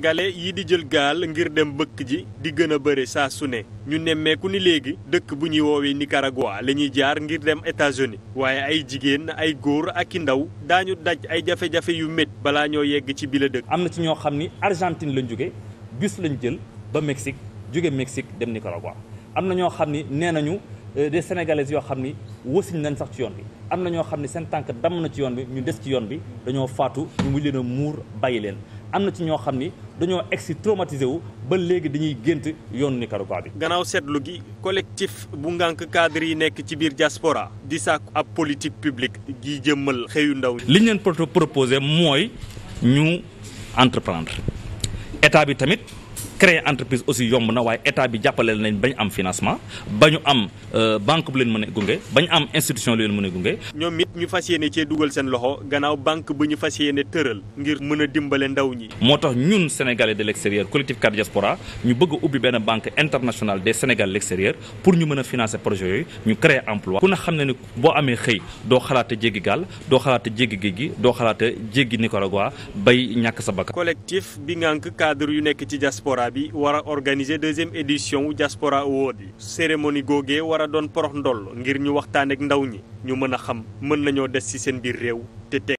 sénégalais yi di jël gaal ngir dem bëkk ji di gën a bëri saa su ne ñu nemmeeku ni léegi dëkk bu ñuy woowee Nicaragua la ñuy jaar ngir dem États-Unis waaye ay jigéen ay góor ak i ndaw daañu daj ay jafe-jafe yu métti balaa ñoo yegg ci bile dëkk. am na ci ñoo xam ni Argentine lañ jóge bis lañ jël ba Mexique jóge Mexique dem Nicaragua am na ñoo xam ni nee nañu euh, des sénégalais yoo xam ni wasiñ nañ sax ci yoon bi am na ñoo xam ni seen tànk damm na ci yoon bi ñu des ci yoon bi dañoo faatu ñu mujj muur bàyyi leen. am na ci ñoo xam ni dañoo egsi traumatisé wu ba léegi dañuy gént yoonu Nicaragua bi. gannaaw seetlu gi collectif bu ngànk cadre yi nekk ci biir diaspora di sàkku ab politique publique gi jëmmal xëyu ndaw liñ leen proposé mooy ñu entreprendre état bi tamit. créer entreprise aussi yomb na waaye état bi jàppale nañ bañ am financement bañu am euh, banque bu leen mën a gunge bañ am institution lu leen mën a gunge. ñoom it ñu fas yéene cee dugal seen loxo gannaaw banque bu ñu fas yéene tëral ngir mën a dimbale ndaw ñi. moo tax ñun sénégalais de l' extérieur collectif CAD diaspora ñu bëgg a ubbi benn banque internationale des sénégalais de l' extérieur pour ñu mën a financer projet yooyu ñu créer emploi ku ne xam ne ni boo amee xëy doo xalaate jéggi gaal doo xalaate jéggi géej gi doo xalaate jéggi Nicaragua bay ñàkk sa bakkan. collectif diaspora bi war a organiser deuxième édition wu diaspora award yi cérémonie googee war doon porox ndoll ngir ñu waxtaan ak ndaw ñi ñu mën a xam mën nañoo des ci seen biir réew te teg